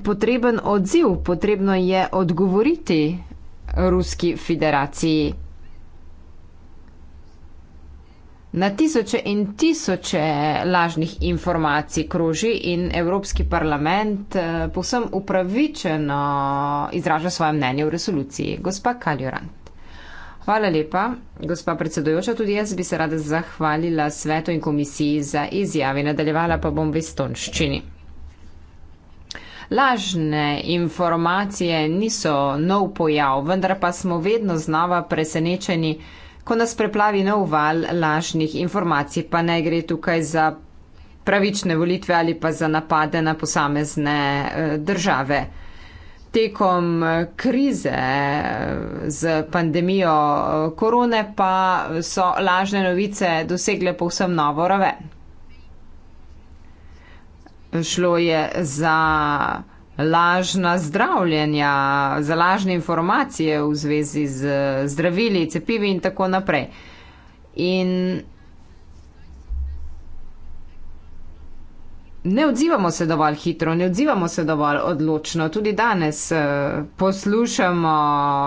potreben odziv, potrebno je odgovoriti Ruski federaciji. Na tisoče in tisoče lažnih informacij kroži in Evropski parlament eh, povsem upravičeno izraža svoje mnenje v resoluciji. Gospa Kaljurant. Hvala lepa. Gospa predsedojoča, tudi jaz bi se rada zahvalila svetu in komisiji za izjavi. Nadaljevala pa bom v istonščini. Lažne informacije niso nov pojav, vendar pa smo vedno znova presenečeni, ko nas preplavi nov val lažnih informacij, pa ne gre tukaj za pravične volitve ali pa za napade na posamezne eh, države. Tekom eh, krize eh, z pandemijo korone pa so lažne novice dosegle povsem novo raven šlo je za lažna zdravljenja, za lažne informacije v zvezi z zdravili, cepivi in tako naprej. In ne odzivamo se dovolj hitro, ne odzivamo se dovolj odločno. Tudi danes eh, poslušamo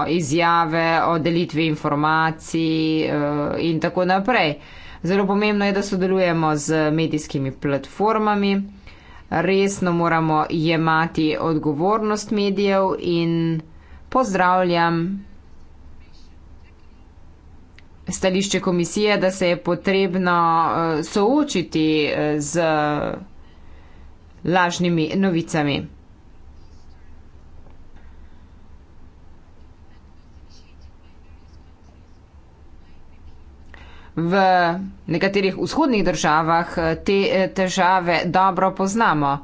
izjave o delitvi informacij eh, in tako naprej. Zelo pomembno je, da sodelujemo z medijskimi platformami resno moramo jemati odgovornost medijev in pozdravljam stališče komisije, da se je potrebno eh, soočiti eh, z lažnimi novicami. v nekaterih vzhodnih državah eh, te eh, težave dobro poznamo.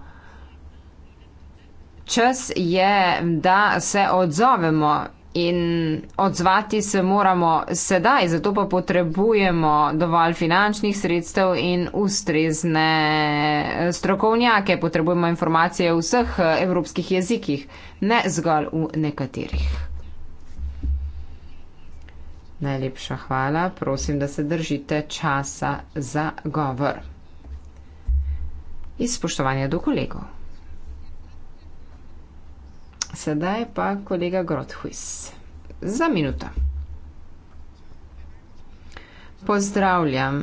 Čas je, da se odzovemo in odzvati se moramo sedaj, zato pa potrebujemo dovolj finančnih sredstev in ustrezne eh, strokovnjake. Potrebujemo informacije v vseh evropskih jezikih, ne zgolj v nekaterih. Najlepša hvala. Prosim, da se držite časa za govor. Iz spoštovanja do kolegov. Sedaj pa kolega Grothuis. Za minuto. Pozdravljam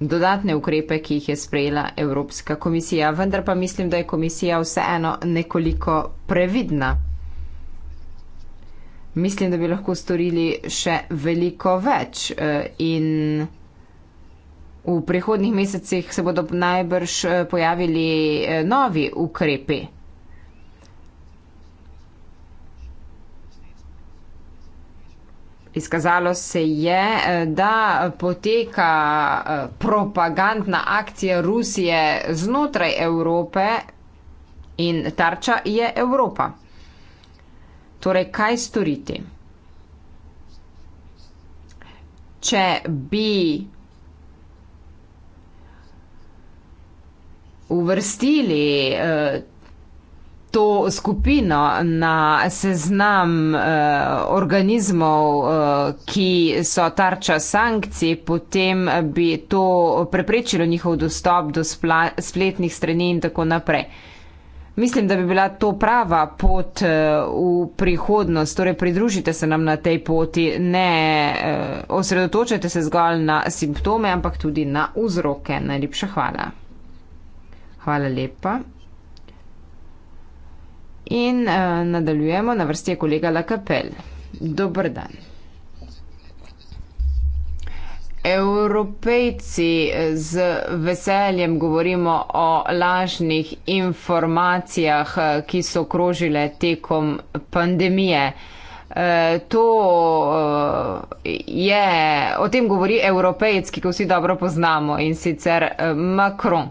dodatne ukrepe, ki jih je sprejela Evropska komisija, vendar pa mislim, da je komisija vseeno nekoliko previdna mislim, da bi lahko storili še veliko več. Eh, in v prihodnih mesecih se bodo najbrž eh, pojavili eh, novi ukrepi. Izkazalo se je, da poteka propagandna akcija Rusije znotraj Evrope in tarča je Evropa. Torej, kaj storiti? Če bi uvrstili eh, to skupino na seznam eh, organizmov, eh, ki so tarča sankcij, potem bi to preprečilo njihov dostop do spletnih strani in tako naprej mislim, da bi bila to prava pot eh, v prihodnost. Torej, pridružite se nam na tej poti, ne eh, osredotočajte se zgolj na simptome, ampak tudi na vzroke. Najlepša hvala. Hvala lepa. In uh, nadaljujemo, na vrsti je kolega Lakapel. Dobr dan. Evropejci eh, z veseljem govorimo o lažnih informacijah, eh, ki so krožile tekom pandemije. Eh, to je, o tem govori evropejec, ki ga vsi dobro poznamo in sicer Macron.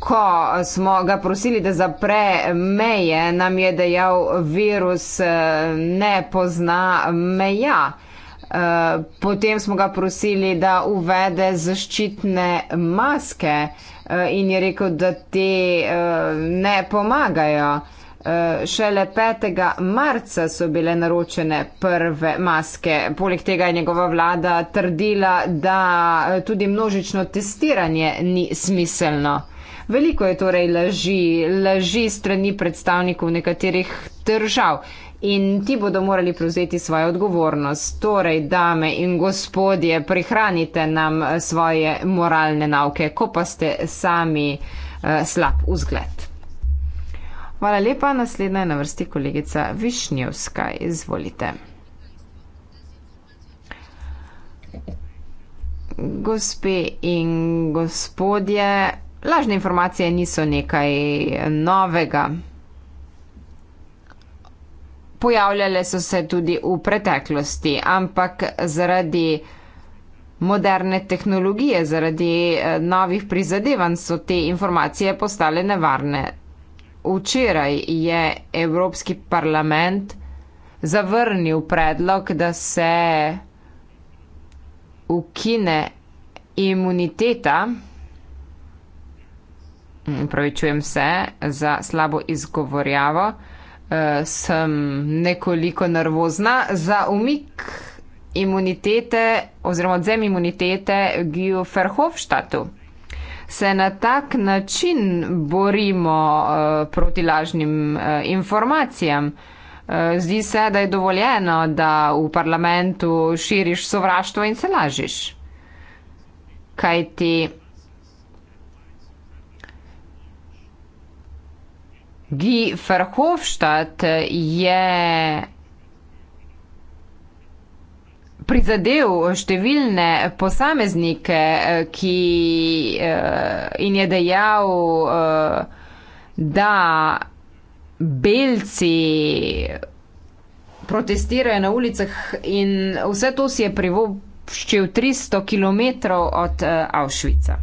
Ko smo ga prosili, da zapre meje, nam je dejal, virus ne pozna meja. Eh, potem smo ga prosili, da uvede zaščitne maske uh, in je rekel, da te uh, ne pomagajo. Uh, šele 5. marca so bile naročene prve maske. Poleg tega je njegova vlada trdila, da tudi množično testiranje ni smiselno. Veliko je torej laži, laži strani predstavnikov nekaterih držav. In ti bodo morali prevzeti svojo odgovornost. Torej, dame in gospodje, prihranite nam eh, svoje moralne nauke, ko pa ste sami eh, slab vzgled. Hvala lepa, naslednja je na vrsti kolegica Višnjevska. Izvolite. Gospe in gospodje, lažne informacije niso nekaj novega. Pojavljale so se tudi v preteklosti, ampak zaradi moderne tehnologije, zaradi eh, novih prizadevanj so te informacije postale nevarne. Včeraj je Evropski parlament zavrnil predlog, da se ukine imuniteta. Hm, Pravičujem se za slabo izgovorjavo uh, sem nekoliko nervozna. Za umik imunitete oziroma odzem imunitete Gijo Ferhofštatu se na tak način borimo uh, proti lažnim uh, informacijam. Uh, zdi se, da je dovoljeno, da v parlamentu širiš sovraštvo in se lažiš. Kaj ti? Te... Guy Verhofstadt je prizadel številne posameznike eh, ki, eh, in je dejal, eh, da belci protestirajo na ulicah in vse to si je privoščil 300 km od Avšvica.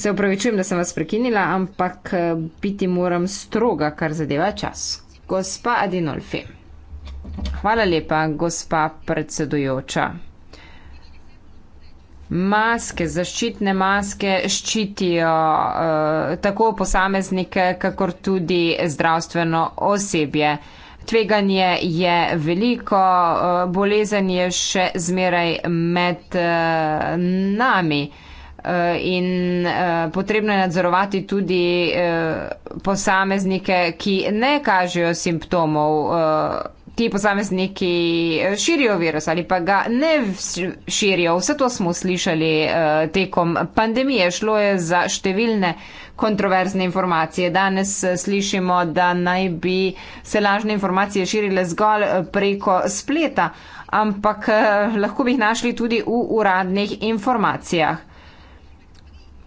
Se upravičujem, da sem vas prekinila, ampak eh, biti moram stroga, kar zadeva čas. Gospa Adinolfi. Hvala lepa, gospa predsedujoča. Maske, zaščitne maske ščitijo eh, tako posameznike, kakor tudi zdravstveno osebje. Tveganje je veliko, eh, bolezen je še zmeraj med eh, nami. Eh, Eh, in eh, potrebno je nadzorovati tudi eh, posameznike, ki ne kažejo simptomov. Ti posamezniki širijo virus ali pa ga ne širijo. Vse to smo slišali tekom pandemije. Šlo je za številne kontroverzne informacije. Danes slišimo, da naj bi se lažne informacije širile zgolj preko spleta, ampak lahko bi jih našli tudi v uradnih informacijah.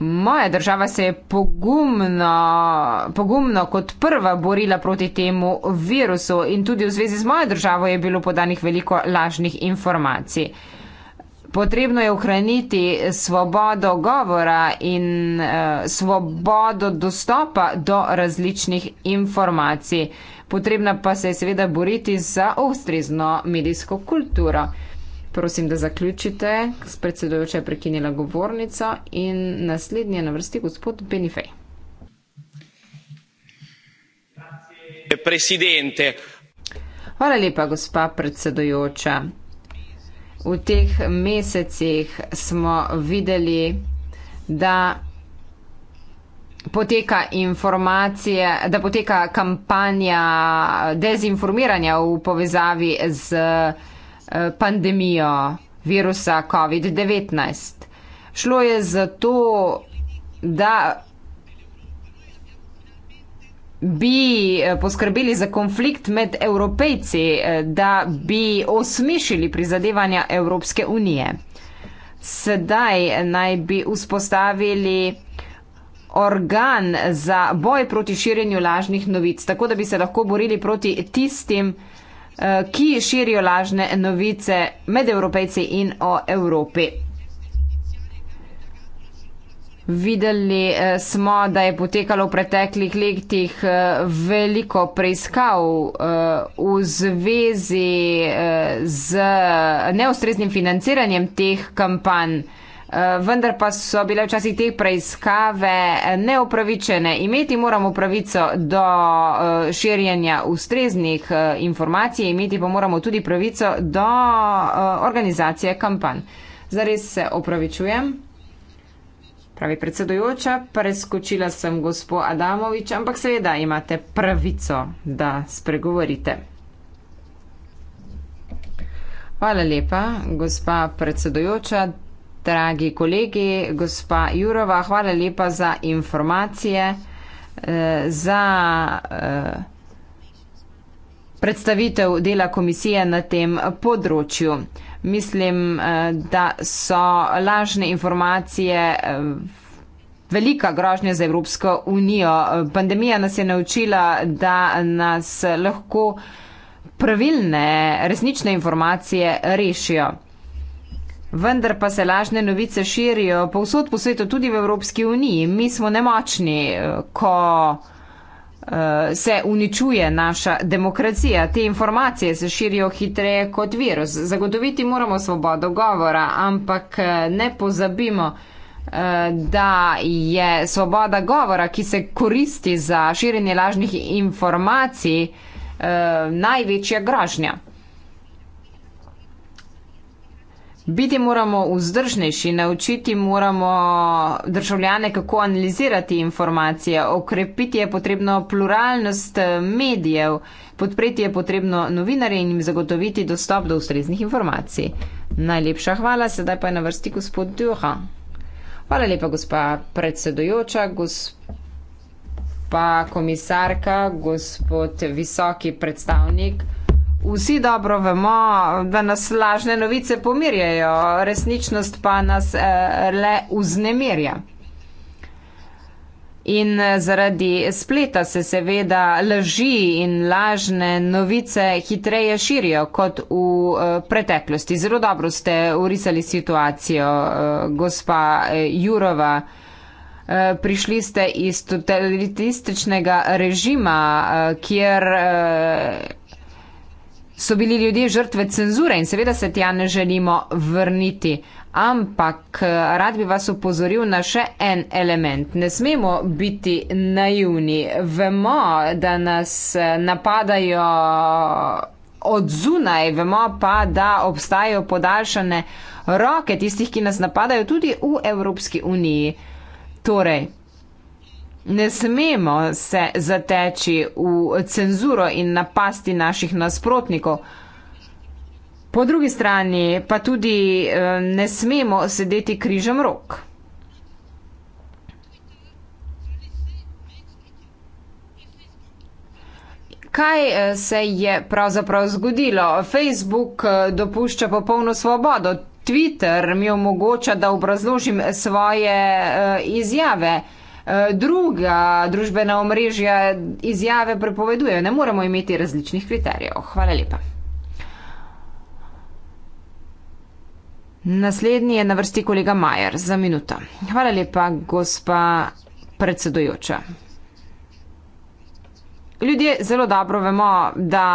Moja država se je pogumno, pogumno kot prva borila proti temu virusu in tudi v zvezi z mojo državo je bilo podanih veliko lažnih informacij. Potrebno je ohraniti svobodo govora in eh, svobodo dostopa do različnih informacij. Potrebno pa se je seveda boriti za ustrezno medijsko kulturo. Prosim, da zaključite. Predsedujoča je prekinila govornico in naslednji je na vrsti gospod Benifej. Hvala lepa, gospa predsedujoča. V teh mesecih smo videli, da poteka informacije, da poteka kampanja dezinformiranja v povezavi z Eh, pandemijo virusa COVID-19. Šlo je za to, da bi eh, poskrbeli za konflikt med evropejci, eh, da bi osmišili prizadevanja Evropske unije. Sedaj naj bi vzpostavili organ za boj proti širjenju lažnih novic, tako da bi se lahko borili proti tistim, Eh, ki širijo lažne novice med evropejci in o Evropi. Videli eh, smo, da je potekalo v preteklih letih eh, veliko preiskav v zvezi z neustreznim financiranjem teh kampanj. Eh, vendar pa so bile včasih te preiskave eh, neopravičene. Imeti moramo pravico do eh, širjenja ustreznih informacij, imeti pa moramo tudi pravico do organizacije kampanj. Zares se opravičujem. Pravi predsedujoča, preskočila sem gospo Adamovič, ampak seveda imate pravico, da spregovorite. Hvala lepa, gospa predsedujoča, Dragi kolegi, gospa Jurova, hvala lepa za informacije, eh, za eh, predstavitev dela komisije na tem področju. Mislim, eh, da so lažne informacije velika grožnja za Evropsko unijo. Pandemija nas je naučila, da nas lahko pravilne, resnične informacije rešijo. Vendar pa se lažne novice širijo povsod po svetu, tudi v Evropski uniji. Mi smo nemočni, ko eh, se uničuje naša demokracija. Te informacije se širijo hitreje kot virus. Zagotoviti moramo svobodo govora, ampak eh, ne pozabimo, eh, da je svoboda govora, ki se koristi za širjenje lažnih informacij, največja grožnja. Biti moramo vzdržnejši, naučiti moramo državljane, kako analizirati informacije, okrepiti je potrebno pluralnost eh, medijev, podpreti je potrebno novinarje in jim zagotoviti dostop do ustreznih informacij. Najlepša hvala, sedaj pa je na vrsti gospod Duha. Hvala lepa, gospa predsedojoča, gospa komisarka, gospod visoki predstavnik. Vsi dobro vemo, da nas lažne novice pomirjajo, resničnost pa nas eh, le uznemirja. In eh, zaradi spleta se seveda laži in lažne novice hitreje širijo kot v eh, preteklosti. Zelo dobro ste urisali situacijo, gospa Jurova. Prišli ste iz totalitističnega režima, kjer so bili ljudje žrtve cenzure in seveda se tja ne želimo vrniti. Ampak eh, rad bi vas upozoril na še en element. Ne smemo biti naivni. Vemo, da nas eh, napadajo od zunaj, vemo pa, da obstajajo podaljšane roke tistih, ki nas napadajo tudi v Evropski uniji. Torej, Ne smemo se zateči v cenzuro in napasti naših nasprotnikov. Po drugi strani pa tudi eh, ne smemo sedeti križem rok. Kaj eh, se je pravzaprav zgodilo? Facebook eh, dopušča popolno svobodo, Twitter mi omogoča, da obrazložim svoje izjave. Eh, druga družbena omrežja izjave prepovedujejo, ne moremo imeti različnih kriterijev. Hvala lepa. Naslednji je na vrsti kolega Majer za minuto. Hvala lepa, gospa predsedujoča. Ljudje zelo dobro vemo, da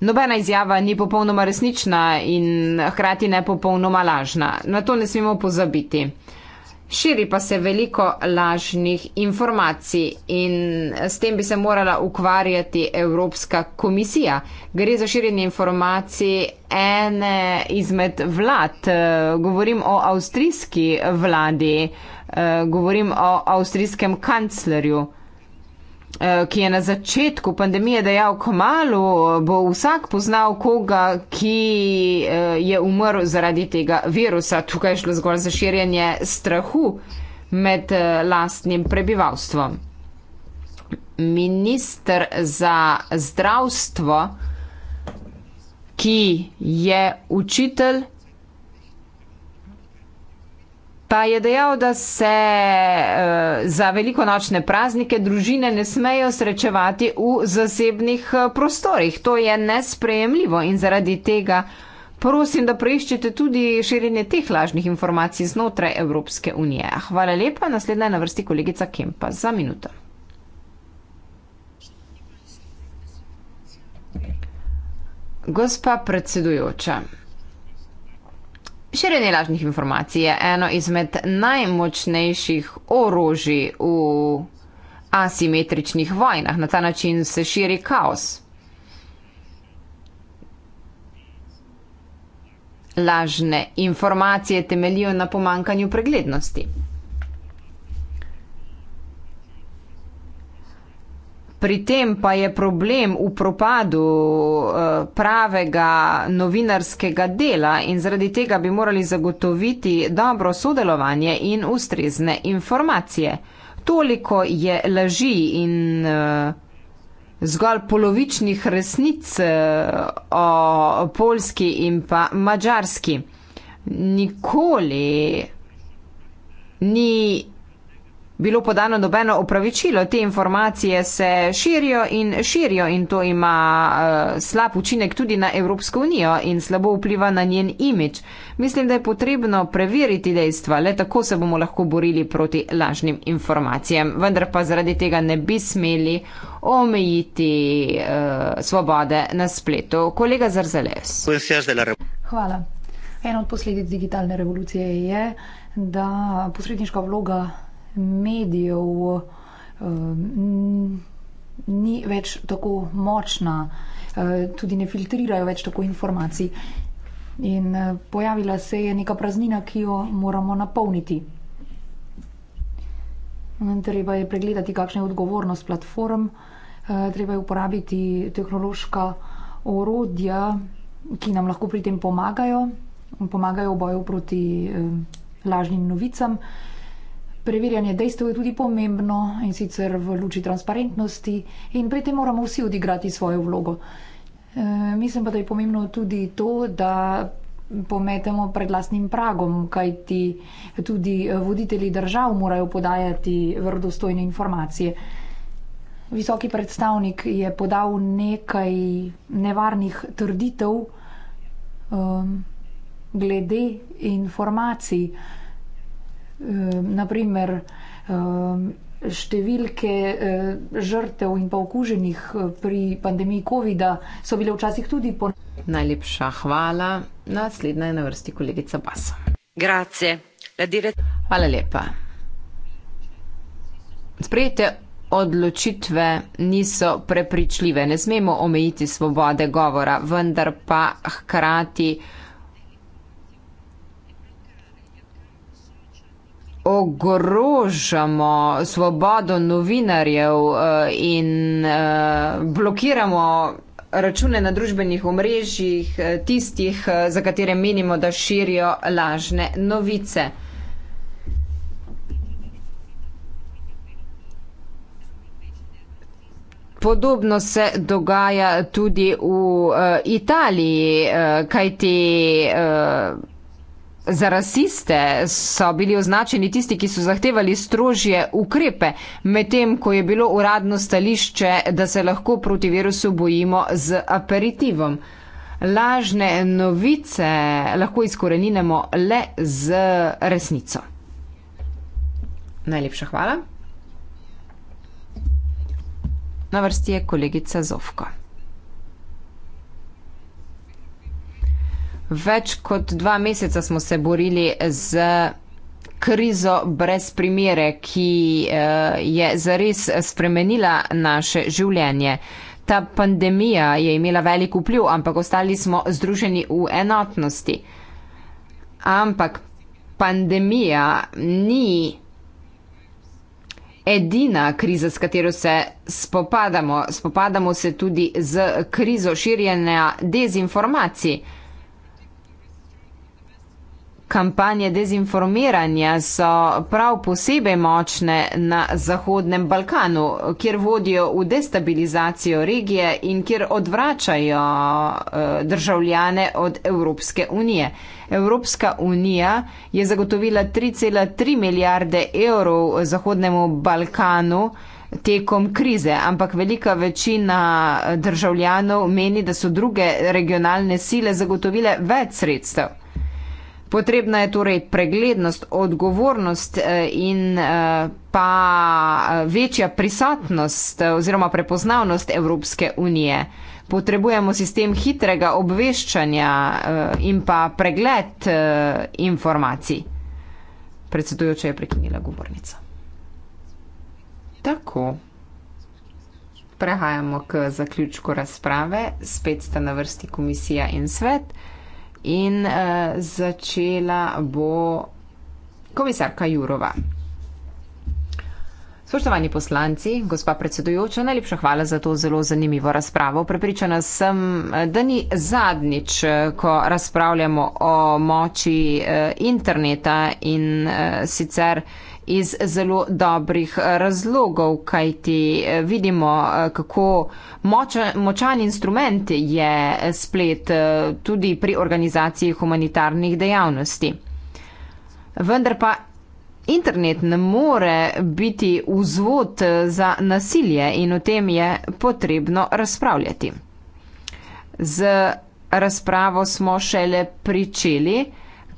nobena izjava ni popolnoma resnična in hkrati ne popolnoma lažna. Na to ne smemo pozabiti. Uh, Širi pa se veliko lažnih informacij in s tem bi se morala ukvarjati Evropska komisija. Gre za širjenje informacij ene izmed vlad. Eh, govorim o avstrijski vladi, eh, govorim o avstrijskem kanclerju. Eh, ki je na začetku pandemije dejal, ko malo eh, bo vsak poznal koga, ki eh, je umrl zaradi tega virusa. Tukaj je šlo zgolj za širjenje strahu med lastnim prebivalstvom. Ministr za zdravstvo, ki je učitelj, Pa je dejal, da se uh, za veliko nočne praznike družine ne smejo srečevati v zasebnih eh, prostorih. To je nesprejemljivo in zaradi tega prosim, da preiščete tudi širjenje teh lažnih informacij znotraj Evropske unije. Hvala lepa, naslednja je na vrsti kolegica Kempa za minuto. Gospa predsedujoča. Širjenje lažnih informacij je eno izmed najmočnejših orožij v asimetričnih vojnah. Na ta način se širi kaos. Lažne informacije temeljijo na pomankanju preglednosti. pri tem pa je problem v propadu eh, pravega novinarskega dela in zaradi tega bi morali zagotoviti dobro sodelovanje in ustrezne informacije. Toliko je laži in eh, zgolj polovičnih resnic eh, o polski in pa mađarski. Nikoli ni bilo podano nobeno opravičilo. Te informacije se širijo in širijo in to ima uh, slab učinek tudi na Evropsko unijo in slabo vpliva na njen imič. Mislim, da je potrebno preveriti dejstva, le tako se bomo lahko borili proti lažnim informacijam. Vendar pa zaradi tega ne bi smeli omejiti uh, svobode na spletu. Kolega Zarzales. Hvala. Ena od posledic digitalne revolucije je, da posredniška vloga medijev ehm, ni več tako močna, eh, tudi ne filtrirajo več tako informacij. In eh, pojavila se je neka praznina, ki jo moramo napolniti. Ehm, treba je pregledati, kakšna je odgovornost platform, eh, treba je uporabiti tehnološka orodja, ki nam lahko pri tem pomagajo, pomagajo v boju proti ehm, lažnim novicam. Preverjanje dejstev je tudi pomembno in sicer v luči transparentnosti in pri tem moramo vsi odigrati svojo vlogo. E, mislim pa, da je pomembno tudi to, da pometemo pred lastnim pragom, kajti tudi e, voditelji držav morajo podajati vrdostojne informacije. Visoki predstavnik je podal nekaj nevarnih trditev um, glede informacij. Uh, Ehm, naprimer ehm, številke eh, žrtev in pa okuženih eh, pri pandemiji COVID-a so bile včasih tudi po. Najlepša hvala. Naslednja je na vrsti kolegica Basa. Grazie. Hvala lepa. Sprejete odločitve niso prepričljive. Ne smemo omejiti svobode govora, vendar pa hkrati. ogrožamo svobodo novinarjev eh, in eh, blokiramo račune na družbenih omrežjih eh, tistih, za katere menimo, da širijo lažne novice. Podobno se dogaja tudi v Italiji, kajti. Za rasiste so bili označeni tisti, ki so zahtevali strožje ukrepe, medtem ko je bilo uradno stališče, da se lahko proti virusu bojimo z aperitivom. Lažne novice lahko izkoreninemo le z resnico. Najlepša hvala. Na vrsti je kolegica Zovka. Več kot dva meseca smo se borili z krizo brez primere, ki eh, je zares spremenila naše življenje. Ta pandemija je imela velik vpliv, ampak ostali smo združeni v enotnosti. Ampak pandemija ni edina kriza, s katero se spopadamo. Spopadamo se tudi z krizo širjenja dezinformacij. Kampanje dezinformiranja so prav posebej močne na Zahodnem Balkanu, kjer vodijo v destabilizacijo regije in kjer odvračajo eh, državljane od Evropske unije. Evropska unija je zagotovila 3,3 milijarde evrov Zahodnemu Balkanu tekom krize, ampak velika večina eh, državljanov meni, da so druge regionalne sile zagotovile več sredstev. Potrebna je torej preglednost, odgovornost eh, in eh, pa eh, večja prisotnost oziroma prepoznavnost Evropske unije. Potrebujemo sistem hitrega obveščanja in pa pregled informacij. Predsedujoča je prekinila govornica. Tako. Prehajamo k zaključku razprave. Spet sta na vrsti komisija in svet in uh, začela bo komisarka Jurova. Spoštovani poslanci, gospa predsedujoča, najlepša hvala za to zelo zanimivo razpravo. Prepričana sem, eh, da ni zadnjič, eh, ko razpravljamo o moči interneta in sicer iz zelo dobrih eh, razlogov, kajti eh, vidimo, eh, kako močan instrument je splet tudi pri organizaciji humanitarnih dejavnosti. Vendar pa internet ne more biti vzvod za nasilje in o tem je potrebno razpravljati. Z razpravo smo šele pričeli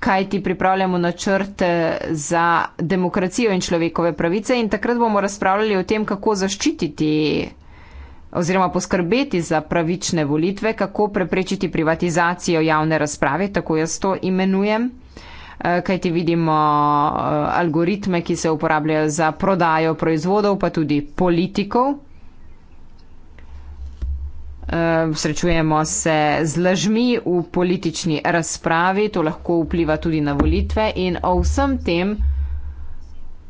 kaj ti pripravljamo načrt eh, za demokracijo in človekove pravice in takrat bomo razpravljali o tem, kako zaščititi oziroma poskrbeti za pravične volitve, kako preprečiti privatizacijo javne razprave, tako jaz to imenujem, eh, kaj ti vidimo eh, algoritme, ki se uporabljajo za prodajo proizvodov, pa tudi politikov srečujemo se z lažmi v politični razpravi, to lahko vpliva tudi na volitve in o vsem tem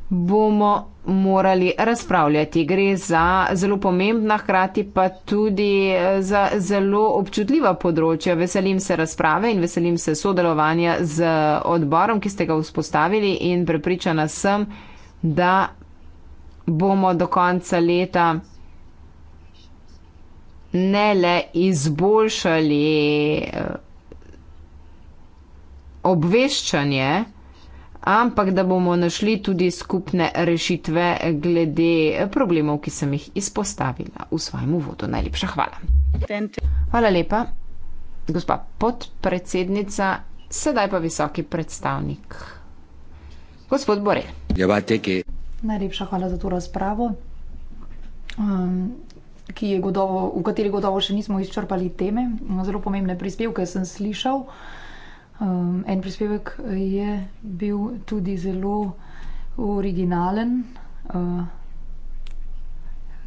bomo morali razpravljati. Gre za zelo pomembna, hkrati pa tudi eh, za zelo občutljiva področja. Veselim se razprave in veselim se sodelovanja z odborom, ki ste ga vzpostavili in prepričana sem, da bomo do konca leta ne le izboljšali eh, obveščanje, ampak da bomo našli tudi skupne rešitve glede problemov, ki sem jih izpostavila v svojem uvodu. Najlepša hvala. Hvala lepa, gospa podpredsednica, sedaj pa visoki predstavnik. Gospod Borel. Najlepša hvala za to razpravo. Um, ki je gotovo, v kateri gotovo še nismo izčrpali teme. Zelo pomembne prispevke sem slišal. Um, en prispevek je bil tudi zelo originalen, uh,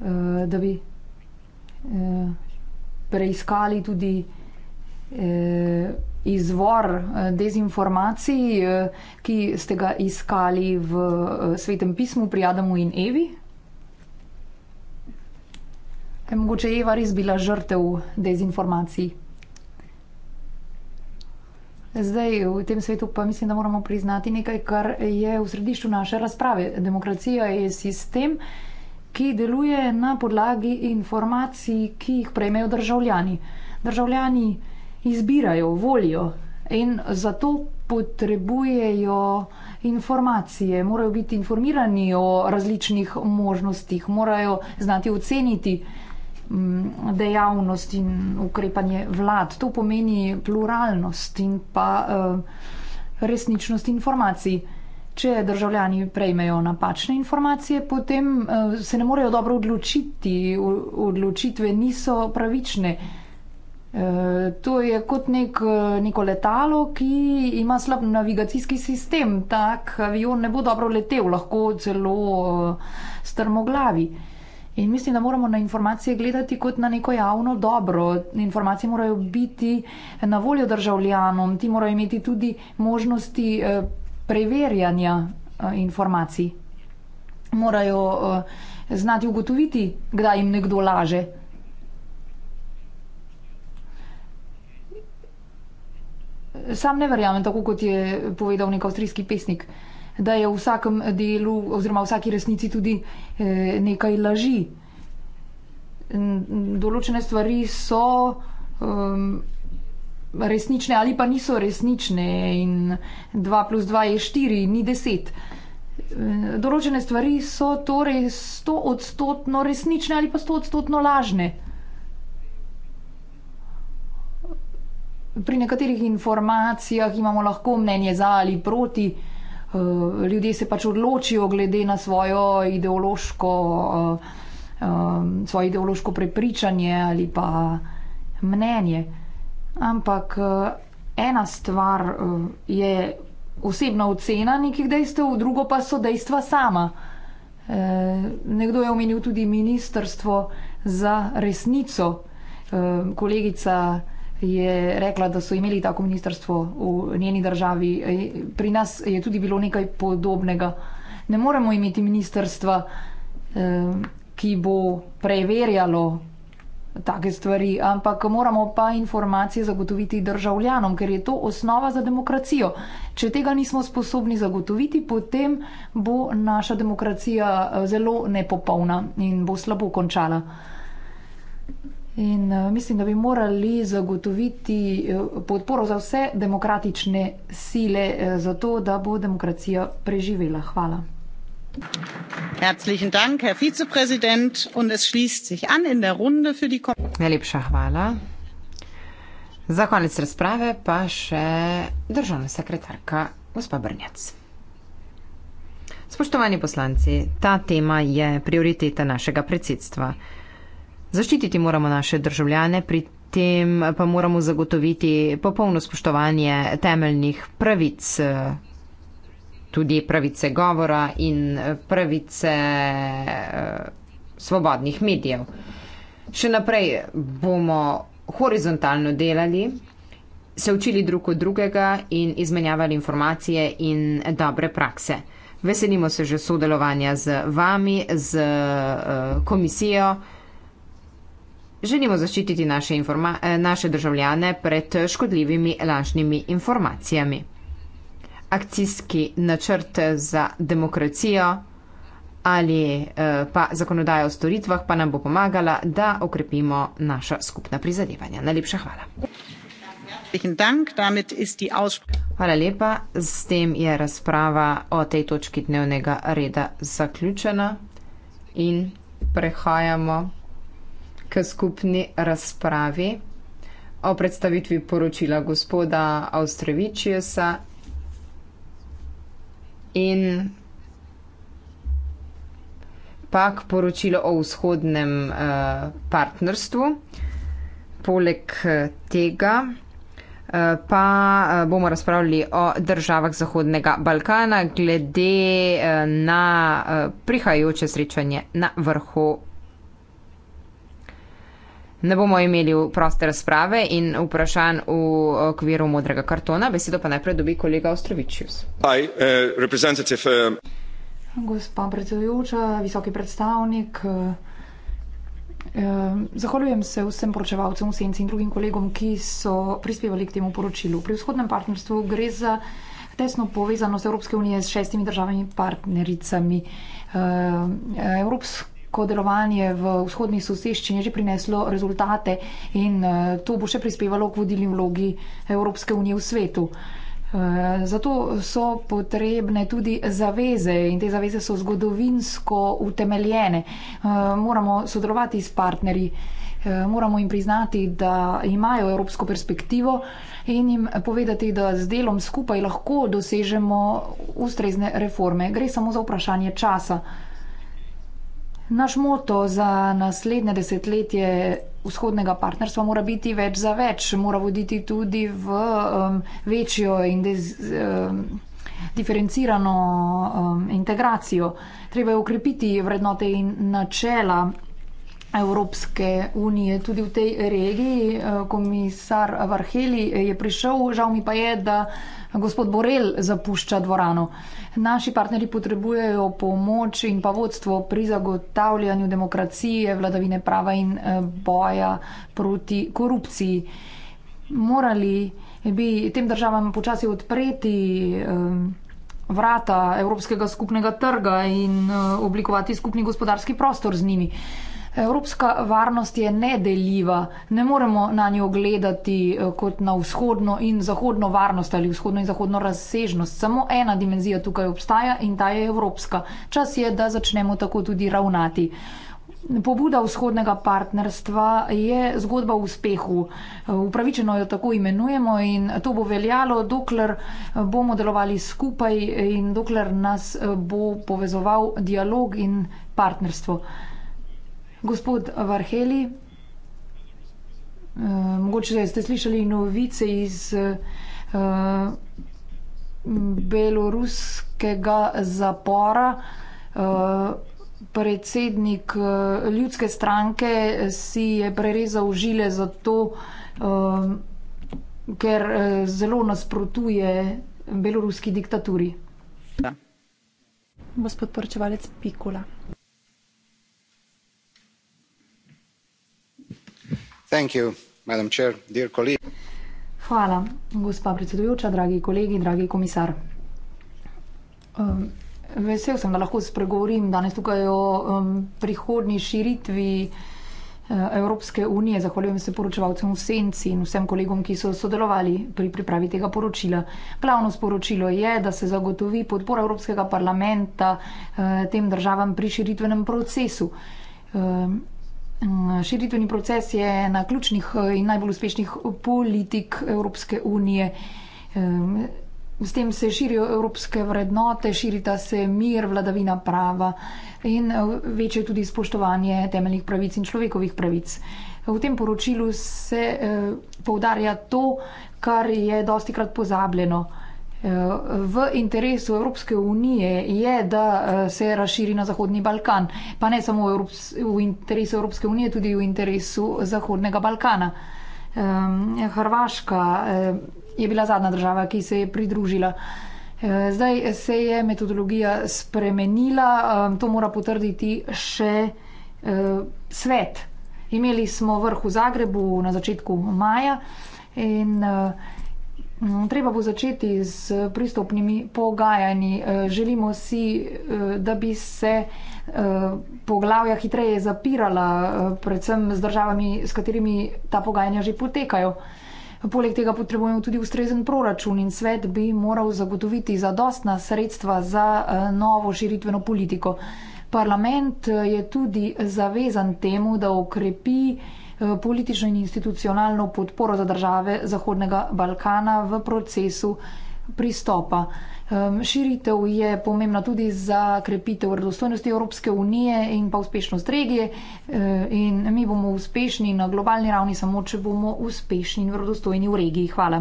uh, da bi uh, preiskali tudi uh, izvor uh, dezinformacij, uh, ki ste ga iskali v uh, svetem pismu pri Adamu in Evi. Ker mogoče Eva res bila žrtev dezinformacij. Zdaj v tem svetu pa mislim, da moramo priznati nekaj, kar je v središču naše razprave. Demokracija je sistem, ki deluje na podlagi informacij, ki jih prejmejo državljani. Državljani izbirajo, volijo in zato potrebujejo informacije, morajo biti informirani o različnih možnostih, morajo znati oceniti Mm, dejavnost in ukrepanje vlad. To pomeni pluralnost in pa eh, resničnost informacij. Če državljani prejmejo napačne informacije, potem eh, se ne morejo dobro odločiti, odločitve niso pravične. Eh, to je kot nek, neko letalo, ki ima slab navigacijski sistem. Tak avion ne bo dobro letel, lahko celo strmoglavi. glavi. In mislim, da moramo na informacije gledati kot na neko javno dobro. Informacije morajo biti na voljo državljanom, ti morajo imeti tudi možnosti eh, preverjanja eh, informacij. Morajo eh, znati ugotoviti, kdaj jim nekdo laže. Sam ne verjamem, tako kot je povedal nek avstrijski pesnik da je v vsakem delu oziroma v vsaki resnici tudi eh, nekaj laži. Določene stvari so um, resnične ali pa niso resnične in 2 plus 2 je 4, ni 10. Določene stvari so torej 100 odstotno resnične ali pa 100 odstotno lažne. Pri nekaterih informacijah imamo lahko mnenje za ali proti, Eh, ljudje se pač odločijo glede na svojo ideološko, eh, svoje ideološko prepričanje ali pa mnenje. Ampak eh, ena stvar je osebna ocena nekih dejstev, drugo pa so dejstva sama. Nekdo je omenil tudi Ministrstvo za resnico. Kolegica je rekla, da so imeli tako ministrstvo v njeni državi. E, pri nas je tudi bilo nekaj podobnega. Ne moremo imeti ministrstva, e, ki bo preverjalo take stvari, ampak moramo pa informacije zagotoviti državljanom, ker je to osnova za demokracijo. Če tega nismo sposobni zagotoviti, potem bo naša demokracija e, zelo nepopolna in bo slabo končala. In eh, mislim, da bi morali zagotoviti eh, podporo za vse demokratične sile, eh, zato da bo demokracija preživela. Hvala. Najlepša hvala. Za konec razprave pa še državna sekretarka gospa Brnjac. Spoštovani poslanci, ta tema je prioriteta našega predsedstva. Zaščititi moramo naše državljane, pri tem pa moramo zagotoviti popolno spoštovanje temeljnih pravic, eh, tudi pravice govora in pravice eh, svobodnih medijev. Še naprej bomo horizontalno delali, se učili drug od drugega in izmenjavali informacije in dobre prakse. Veselimo se že sodelovanja z vami, z eh, komisijo. Želimo zaščititi naše, eh, naše državljane pred škodljivimi lažnimi informacijami. Akcijski načrt za demokracijo ali eh, pa zakonodajo o storitvah pa nam bo pomagala, da okrepimo naša skupna prizadevanja. Najlepša hvala. Hvala lepa. S tem je razprava o tej točki dnevnega reda zaključena in prehajamo k skupni razpravi o predstavitvi poročila gospoda Austrevičiusa in pak poročilo o vzhodnem eh, partnerstvu. Poleg eh, tega eh, pa bomo razpravljali o državah Zahodnega Balkana glede na prihajajoče srečanje na vrhu ne bomo imeli proste razprave in vprašanj v okviru modrega kartona. Besedo pa najprej dobi kolega Ostrovičius. Hi, uh, um, Gospa predsedujoča, visoki predstavnik, eh, zahvaljujem se vsem poročevalcem v senci in drugim kolegom, ki so prispevali k temu poročilu. Pri vzhodnem partnerstvu gre za tesno povezanost Evropske unije s šestimi državami partnericami. Eh, uh, Evropsko ko delovanje v vzhodni soseščini je že prineslo rezultate in eh, to bo še prispevalo k vodilni vlogi Evropske unije v svetu. Eh, zato so potrebne tudi zaveze in te zaveze so zgodovinsko utemeljene. Eh, moramo sodelovati s partnerji, moramo jim priznati, da imajo evropsko perspektivo in jim povedati, da z delom skupaj lahko dosežemo ustrezne reforme. Gre samo za vprašanje časa. Naš moto za naslednje desetletje vzhodnega partnerstva mora biti več za več, mora voditi tudi v um, večjo in um, diferencirano um, integracijo. Treba je ukrepiti vrednote in načela Evropske unije tudi v tej regiji. Eh, komisar Varheli eh, je prišel, žal mi pa je, da gospod Borel zapušča dvorano. Naši partnerji potrebujejo pomoč in pa vodstvo pri zagotavljanju demokracije, vladavine prava in eh, boja proti korupciji. Morali bi tem državam počasi odpreti vrata Evropskega skupnega trga in oblikovati skupni gospodarski prostor z njimi. Evropska varnost je nedeljiva, ne moremo na njo gledati eh, kot na vzhodno in zahodno varnost ali vzhodno in zahodno razsežnost. Samo ena dimenzija tukaj obstaja in ta je evropska. Čas je, da začnemo tako tudi ravnati. Pobuda vzhodnega partnerstva je zgodba o uspehu. Upravičeno jo tako imenujemo in to bo veljalo, dokler eh, bomo delovali skupaj in dokler nas eh, bo povezoval dialog in partnerstvo. Gospod Varheli, eh, mogoče ste slišali novice iz eh, beloruskega zapora. Eh, predsednik ljudske stranke si je prerezal žile zato, ker zelo nasprotuje beloruski diktaturi. Gospod poročevalec Pikula. Hvala, gospa predsedujoča, dragi kolegi, dragi komisar. Um, vesel sem, da lahko spregovorim danes tukaj o um, prihodni širitvi eh, Evropske unije. Zahvaljujem se poročevalcem v senci in vsem kolegom, ki so sodelovali pri pripravi tega poročila. Glavno sporočilo je, da se zagotovi podpora Evropskega parlamenta eh, tem državam pri širitvenem procesu. Eh, Mm, širitveni proces je ena ključnih eh, in najbolj uspešnih politik Evropske unije. S tem se širijo evropske vrednote, širita se mir, vladavina prava in eh, večje tudi spoštovanje temeljnih pravic in človekovih pravic. V tem poročilu se eh, poudarja to, kar je dosti krat pozabljeno. V interesu Evropske unije je, da eh, se razširi na Zahodni Balkan, pa ne samo v, Evrops v interesu Evropske unije, tudi v interesu Zahodnega Balkana. Ehm, Hrvaška eh, je bila zadnja država, ki se je pridružila. Eh, zdaj se je metodologija spremenila, ehm, to mora potrditi še svet. Imeli smo vrh v Zagrebu na začetku maja in uh, Mm, treba bo začeti s pristopnimi pogajanji. Eh, želimo si, eh, da bi se eh, poglavja hitreje zapirala, predvsem z državami, s katerimi ta pogajanja že potekajo. Poleg tega potrebujemo tudi ustrezen proračun in svet bi moral zagotoviti zadostna sredstva za novo širitveno politiko. Parlament je tudi zavezan temu, da okrepi Eh, politično in institucionalno podporo za države Zahodnega Balkana v procesu pristopa. Širitev je pomembna tudi za krepitev vredostojnosti Evropske unije in pa uspešnost regije eh, in mi bomo uspešni na globalni ravni samo, če bomo uspešni in vredostojni v regiji. Hvala.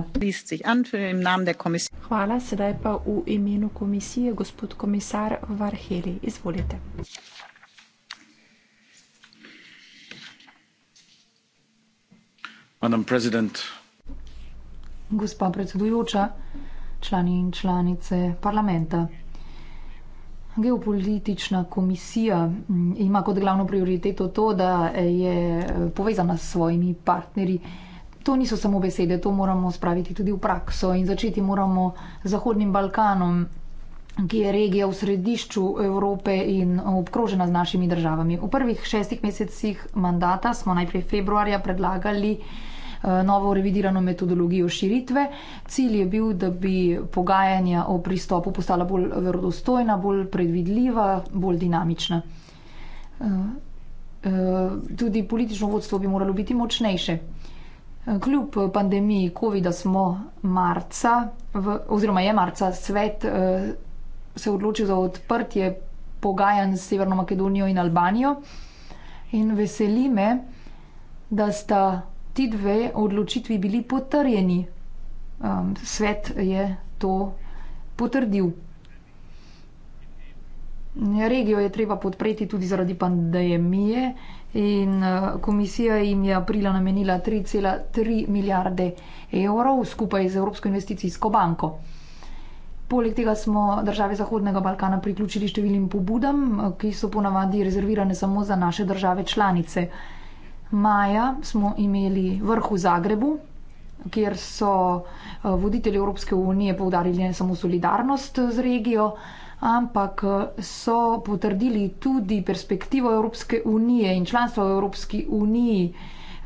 Hvala, sedaj pa v imenu komisije gospod komisar Varheli. Izvolite. Gospa predsedujoča, člani in članice parlamenta. Geopolitična komisija mm, ima kot glavno prioriteto to, da je eh, povezana s svojimi partnerji. To niso samo besede, to moramo spraviti tudi v prakso in začeti moramo z Zahodnim Balkanom, ki je regija v središču Evrope in obkrožena z našimi državami. V prvih šestih mesecih mandata smo najprej februarja predlagali, Eh, novo revidirano metodologijo širitve. Cilj je bil, da bi pogajanja o pristopu postala bolj verodostojna, bolj predvidljiva, bolj dinamična. Eh, eh, tudi politično vodstvo bi moralo biti močnejše. Kljub pandemiji COVID-19 smo marca, v, oziroma je marca, svet se odločil za odprtje pogajanj s Severno Makedonijo in Albanijo. In veseli me, da sta ti dve odločitvi bili potrjeni. Um, svet je to potrdil. Regijo je treba podpreti tudi zaradi pandemije in uh, komisija jim je aprila namenila 3,3 milijarde evrov skupaj z Evropsko investicijsko banko. Poleg tega smo države Zahodnega Balkana priključili številnim pobudam, ki so ponavadi rezervirane samo za naše države članice maja smo imeli vrh v Zagrebu, kjer so eh, voditelji Evropske unije povdarili ne samo solidarnost z regijo, ampak eh, so potrdili tudi perspektivo Evropske unije in članstvo Evropski uniji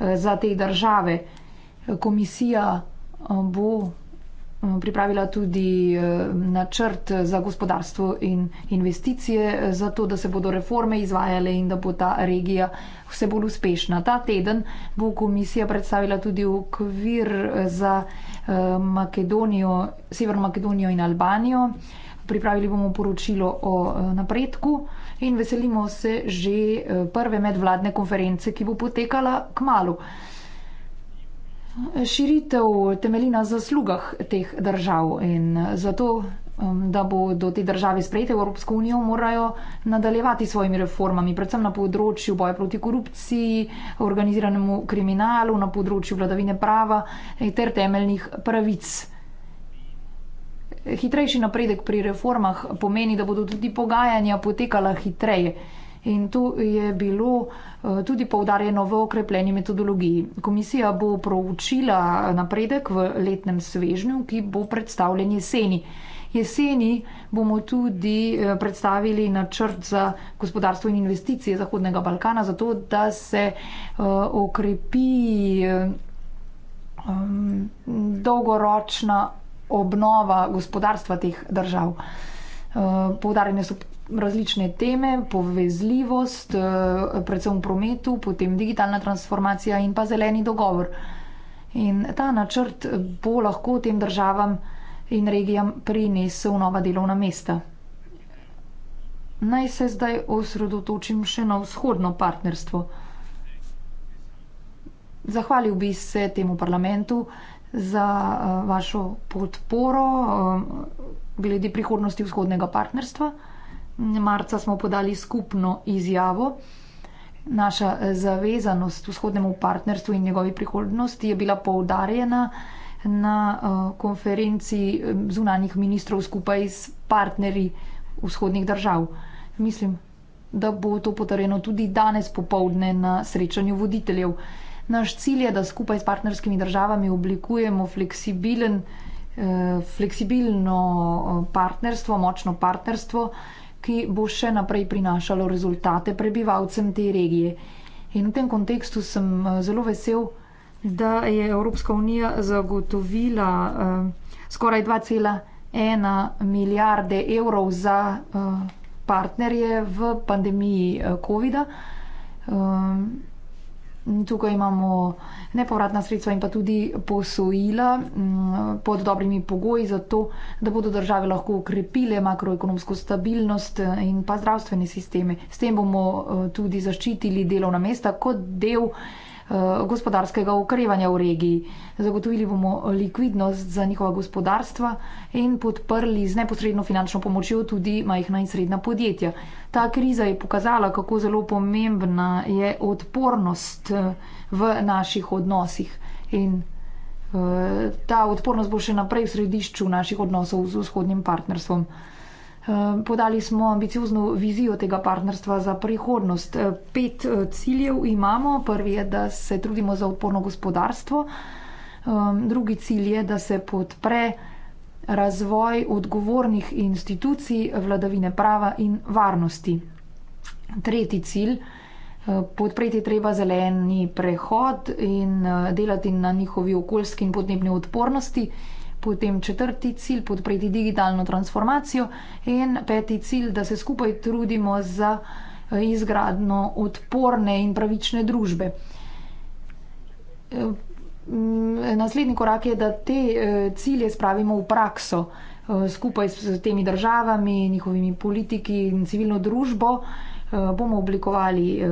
eh, za te države. Komisija bo pripravila tudi eh, načrt za gospodarstvo in investicije, eh, zato da se bodo reforme izvajale in da bo ta regija vse bolj uspešna. Ta teden bo komisija predstavila tudi okvir eh, za Makedonijo, Severno Makedonijo in Albanijo. Pripravili bomo poročilo o napredku in veselimo se že prve medvladne konference, ki bo potekala k malu. Širitev temelji na zaslugah teh držav in zato, um, da bodo te države sprejete v Evropsko unijo, morajo nadaljevati svojimi reformami, predvsem na področju boja proti korupciji, organiziranemu kriminalu, na področju vladavine prava eh, ter temeljnih pravic. Hitrejši napredek pri reformah pomeni, da bodo tudi pogajanja potekala hitreje in tu je bilo eh, tudi povdarjeno v okrepljeni metodologiji. Komisija bo proučila napredek v letnem svežnju, ki bo predstavljen jeseni. Jeseni bomo tudi eh, predstavili načrt za gospodarstvo in investicije Zahodnega Balkana, zato da se eh, okrepi mm, dolgoročna obnova gospodarstva teh držav. Poudarjene so različne teme, povezljivost, eh, predvsem v prometu, potem digitalna transformacija in pa zeleni dogovor. In ta načrt bo lahko tem državam in regijam prinesel nova delovna mesta. Naj se zdaj osredotočim še na vzhodno partnerstvo. Zahvalil bi se temu parlamentu za eh, vašo podporo eh, glede prihodnosti vzhodnega partnerstva marca smo podali skupno izjavo. Naša eh, zavezanost vzhodnemu partnerstvu in njegovi prihodnosti je bila poudarjena na eh, konferenci eh, zunanih ministrov skupaj s partnerji vzhodnih držav. Mislim, da bo to potrjeno tudi danes popovdne na srečanju voditeljev. Naš cilj je, da skupaj s partnerskimi državami oblikujemo fleksibilen, fleksibilno partnerstvo, močno partnerstvo ki bo še naprej prinašalo rezultate prebivalcem te regije. In v tem kontekstu sem eh, zelo vesel, da je Evropska unija zagotovila eh, skoraj 2,1 milijarde evrov za eh, partnerje v pandemiji COVID-a. Tukaj imamo nepovratna sredstva in pa tudi posojila mm, pod dobrimi pogoji za to, da bodo države lahko ukrepile makroekonomsko stabilnost eh, in pa zdravstvene sisteme. S tem bomo eh, tudi zaščitili delovna mesta kot del Eh, gospodarskega okrevanja v regiji. Zagotovili bomo likvidnost za njihova gospodarstva in podprli z neposredno finančno pomočjo tudi majhna in srednja podjetja. Ta kriza je pokazala, kako zelo pomembna je odpornost eh, v naših odnosih in eh, ta odpornost bo še naprej v središču naših odnosov z vzhodnim partnerstvom. Ehm, podali smo ambiciozno vizijo tega partnerstva za prihodnost. Ehm, pet eh, ciljev imamo. Prvi je, da se trudimo za odporno gospodarstvo. Ehm, drugi cilj je, da se podpre razvoj odgovornih institucij, vladavine prava in varnosti. Tretji cilj. Eh, podpreti treba zeleni prehod in eh, delati na njihovi okoljski in podnebni odpornosti potem četrti cilj podpreti digitalno transformacijo in peti cilj, da se skupaj trudimo za eh, izgradno odporne in pravične družbe. Eh, naslednji korak je, da te eh, cilje spravimo v prakso skupaj s temi državami, njihovimi politiki in civilno družbo. Eh, bomo oblikovali eh,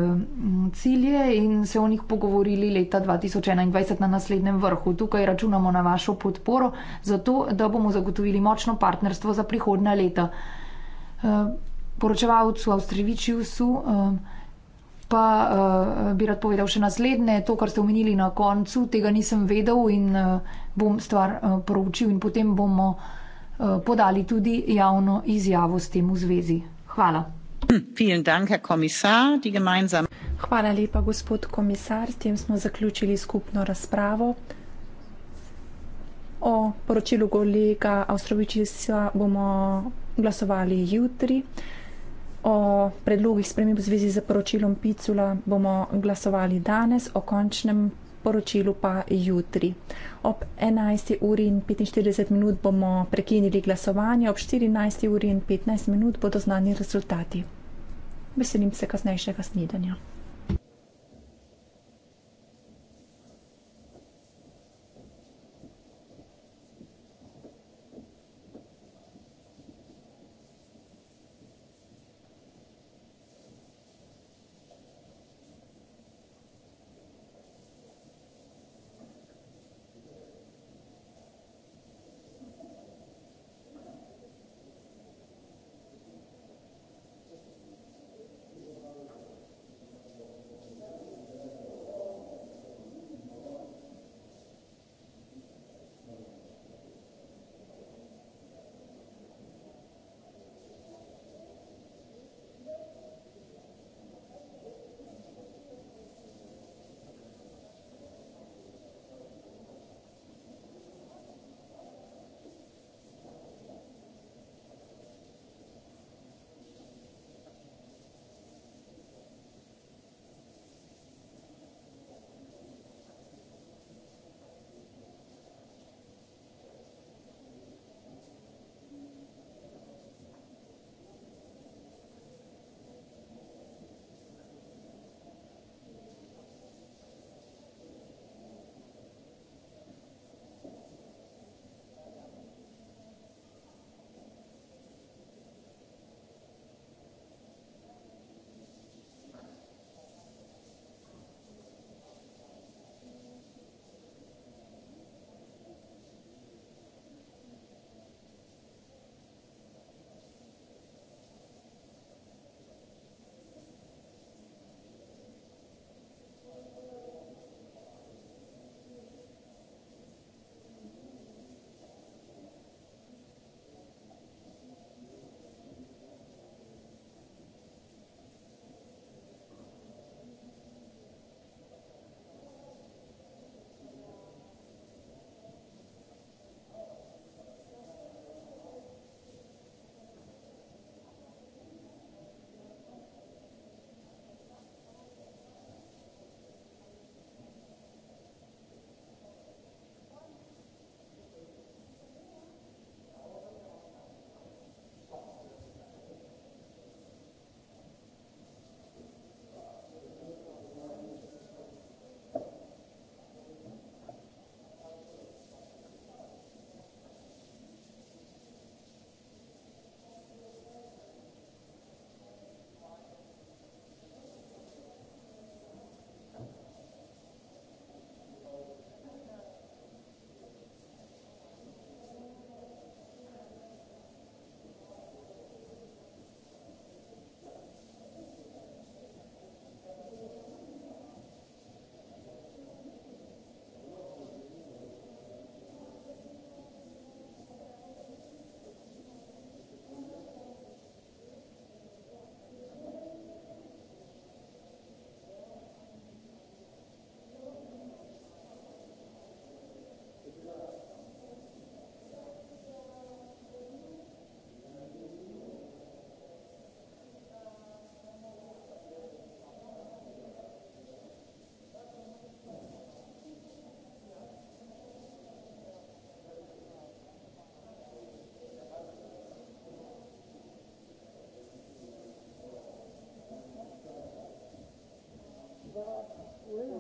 cilje in se o njih pogovorili leta 2021 na naslednjem vrhu. Tukaj računamo na vašo podporo, zato da bomo zagotovili močno partnerstvo za prihodna leta. Eh, poročevalcu Avstrivičiusu pa bi rad povedal še naslednje, to, kar ste omenili na koncu, tega nisem vedel in bom stvar poročil in potem bomo podali tudi javno izjavo s tem v zvezi. Hvala. Hvala lepa, gospod komisar. S tem smo zaključili skupno razpravo. O poročilu kolega Avstrovičisa bomo glasovali jutri. O predlogih sprememb v zvezi z poročilom Picula bomo glasovali danes. O končnem poročilu pa jutri. Ob 11.45 bomo prekinili glasovanje, ob 14.15 bodo znani rezultati. Veselim se kasnejšega snidanja.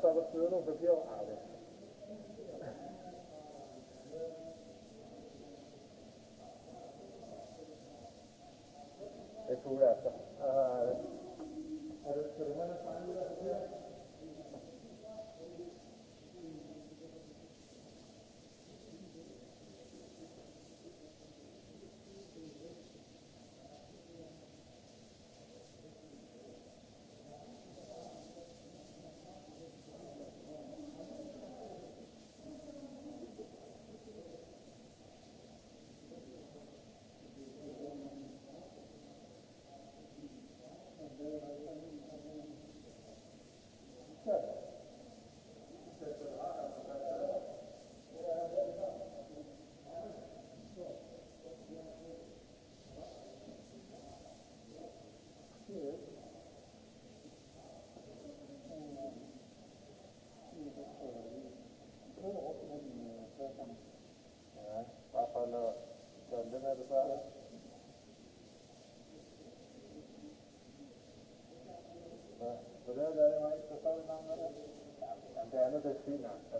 ta vrstna vedno zadeva, a kan det finnas.